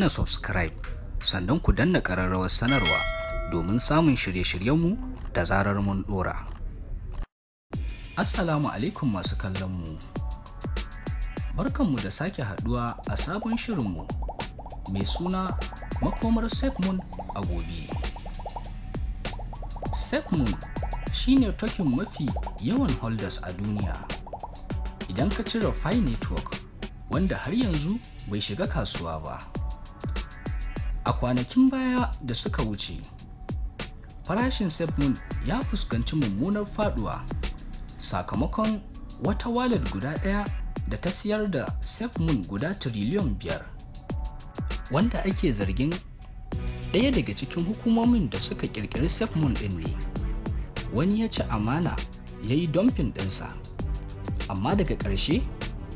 danna subscribe sannan ku danna ƙararrawar sanarwa domin samun shirye-shiryenmu da zarar mun ɗora. Assalamu alaikum masu kallon kallonmu. Barkanmu da sake haɗuwa a sabon shirin mu mai suna makomar Sekmun a gobe. Sekmun shine tokin mafi yawan holders a duniya. Idan ka cire Fi Network wanda har yanzu bai shiga kasuwa ba. a kwanakin baya da suka wuce farashin sefmun ya fuskanci mummunar faduwa sakamakon wata walet guda ɗaya da ta siyar da sefmun guda tiriliyon biyar wanda ake zargin ɗaya daga cikin hukumomin da suka kirkiri sefmun din ne wani ya ci amana ya yi domfin dinsa, amma daga ƙarshe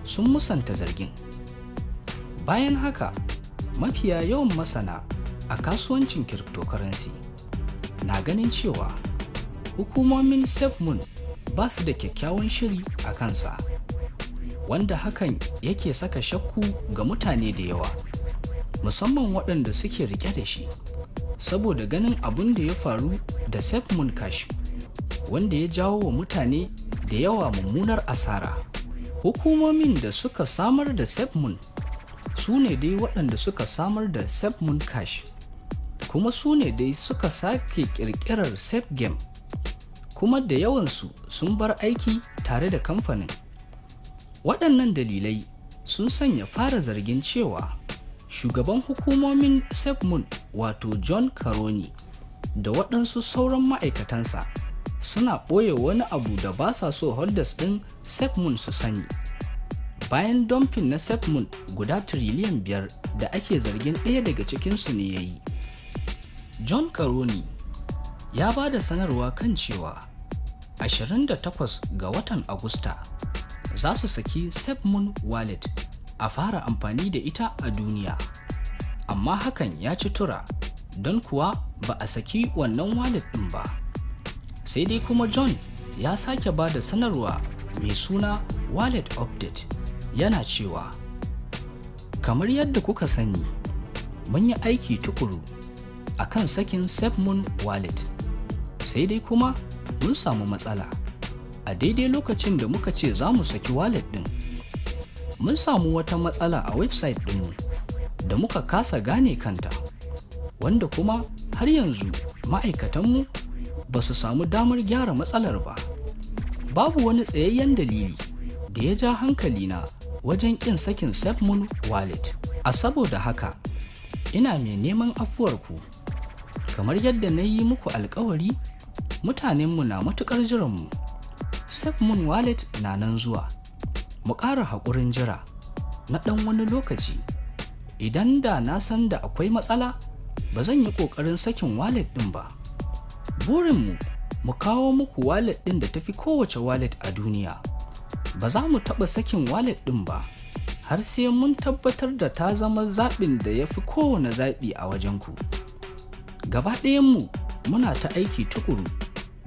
sun musanta zargin bayan haka mafiya yawan masana a kasuwancin cryptocurrency na ganin cewa hukumomin SafeMoon ba su da kyakkyawan shiri a kansa wanda hakan yake saka shakku ga mutane da yawa musamman waɗanda suke rike da shi saboda ganin abin da ya faru da SafeMoon Cash wanda ya jawo wa mutane da yawa mummunar asara hukumomin da suka samar da SafeMoon su ne dai waɗanda suka samar da Moon cash kuma su ne dai suka sake ƙirƙirar Sep game kuma da yawansu sun bar aiki tare da kamfanin waɗannan dalilai sun sanya fara zargin cewa shugaban hukumomin sep safemoon wato john caroni da waɗansu sauran ma'aikatansa suna ɓoye wani abu da ba sa so holders ɗin sep safemoon su sani bayan domfin na sepmul guda tiriliyan biyar da ake zargin ɗaya daga cikinsu ne ya yi john caroni ya ba da sanarwa kan cewa 28 ga watan agusta za su saki sepmul wallet a fara amfani da ita a duniya amma hakan ya ci tura don kuwa ba a saki wannan wallet ɗin ba sai dai kuma john ya sake ba da sanarwa mai suna wallet update yana cewa kamar yadda kuka sani mun yi aiki tukuru a kan sakin SafeMoon wallet sai dai kuma mun samu matsala a daidai lokacin da muka ce za mu saki wallet ɗin mun samu wata matsala a website ɗinmu da muka kasa gane kanta wanda kuma har yanzu ma'aikatanmu ba su samu damar gyara matsalar ba babu wani tsayayyen dalili da ya ja hankalina wajen ƙin sakin SafeMoon Wallet. A saboda haka, ina mai neman afuwar ku. Kamar yadda na yi muku alkawari, mutanenmu na matuƙar jiranmu. SafeMoon Wallet na nan zuwa. Mu ƙara haƙurin jira na ɗan wani lokaci. Idan da na san da akwai matsala, ba zan yi ƙoƙarin sakin wallet ɗin ba. Burinmu mu kawo muku wallet ɗin da tafi kowace wallet a duniya. ba za mu taɓa sakin walet ɗin ba har sai mun tabbatar da ta zama zaɓin da ya fi kowane zaɓi a wajen ku. gaba mu muna ta aiki tukuru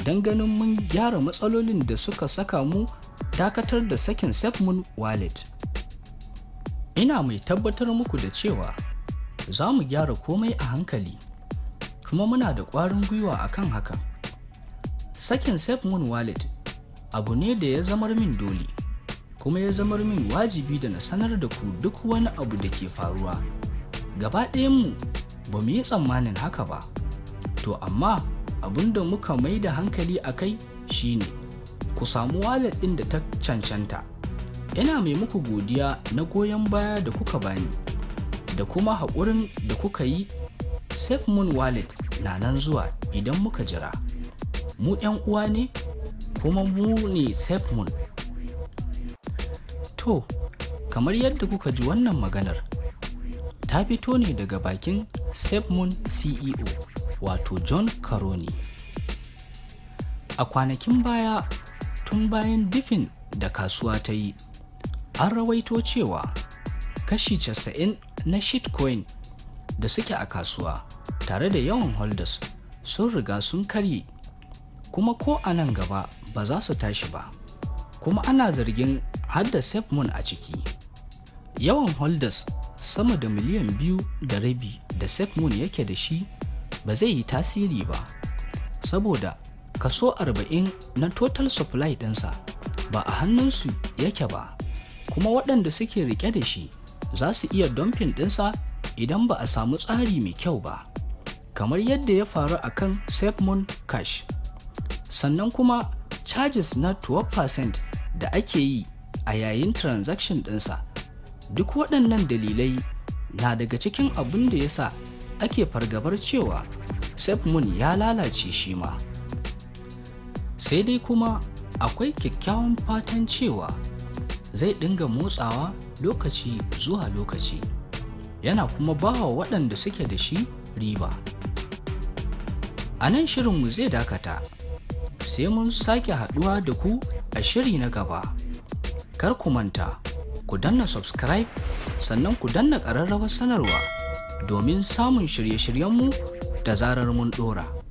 don ganin mun gyara matsalolin da suka saka mu dakatar da sakin mun walet. ina mai tabbatar muku da cewa za mu gyara komai a hankali kuma muna da ƙwarin gwiwa akan hakan sakin mun walet. abu ne da ya zamar min dole kuma ya zamar min wajibi da na sanar da ku duk wani abu da ke faruwa gaba ɗayanmu ba mu yi tsammanin haka ba to amma abin da muka mai da hankali a kai shine ku samu walet ɗin da ta cancanta ina mai muku godiya na goyon baya da kuka bani da kuma haƙurin da kuka yi safe moon wallet na nan zuwa idan muka jira mu 'yan uwa ne kuma mu ne moon? to kamar yadda kuka ji wannan maganar ta fito ne daga bakin moon ceo wato john caroni a kwanakin baya tun bayan difin da kasuwa ta yi an rawaito cewa kashi 90 na shitcoin da suke a kasuwa tare da yawan holders sun riga sun karye kuma ko a nan gaba ba za su tashi ba kuma ana zargin hadda moon a ciki yawan holders sama da miliyan biyu da rabi da moon yake da shi ba zai yi tasiri ba saboda kaso 40 na total supply ɗinsa ba a hannunsu yake ba kuma waɗanda suke rike da shi za su iya dumping ɗinsa idan ba a samu tsari mai kyau ba kamar yadda ya faru a kan moon cash sannan kuma charges na 12% da ake yi a yayin transaction ɗinsa duk waɗannan dalilai na daga cikin abin da ya sa ake fargabar cewa Sefmun ya lalace shi ma sai dai kuma akwai kyakkyawan fatan cewa zai dinga motsawa lokaci zuwa lokaci yana kuma bawa waɗanda suke da shi riba a nan shirinmu zai dakata sai mun sake haduwa da ku a shiri na gaba. Kar ku manta, ku danna subscribe sannan ku danna ƙararrawar sanarwa domin samun shirye-shiryenmu da zarar mun ɗora.